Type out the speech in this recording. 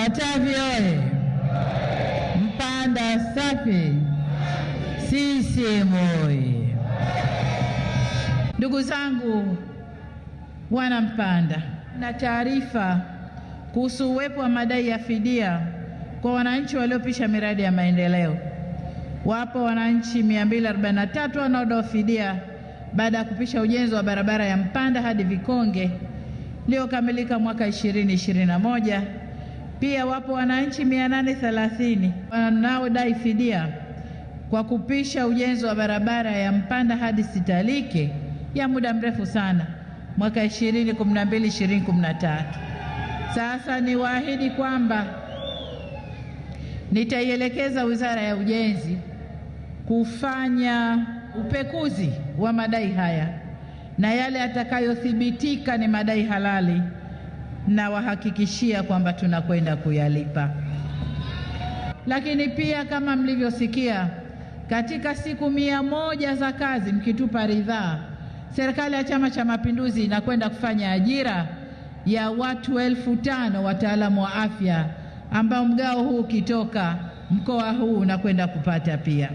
Katavi oye! Mpanda safi! CCM oye! Ndugu zangu wana Mpanda, na taarifa kuhusu uwepo wa madai ya fidia kwa wananchi waliopisha miradi ya maendeleo. Wapo wananchi 243 wanaodai fidia baada ya kupisha ujenzi wa barabara ya Mpanda hadi Vikonge iliyokamilika mwaka 2021 pia wapo wananchi 830 wanaodai fidia kwa kupisha ujenzi wa barabara ya Mpanda hadi Sitalike ya muda mrefu sana mwaka 2012 2013. Sasa niwaahidi kwamba nitaielekeza Wizara ya Ujenzi kufanya upekuzi wa madai haya na yale yatakayothibitika ni madai halali nawahakikishia kwamba tunakwenda kuyalipa. Lakini pia kama mlivyosikia, katika siku mia moja za kazi, mkitupa ridhaa, serikali ya Chama cha Mapinduzi inakwenda kufanya ajira ya watu elfu tano wataalamu wa afya ambao mgao huu ukitoka mkoa huu unakwenda kupata pia.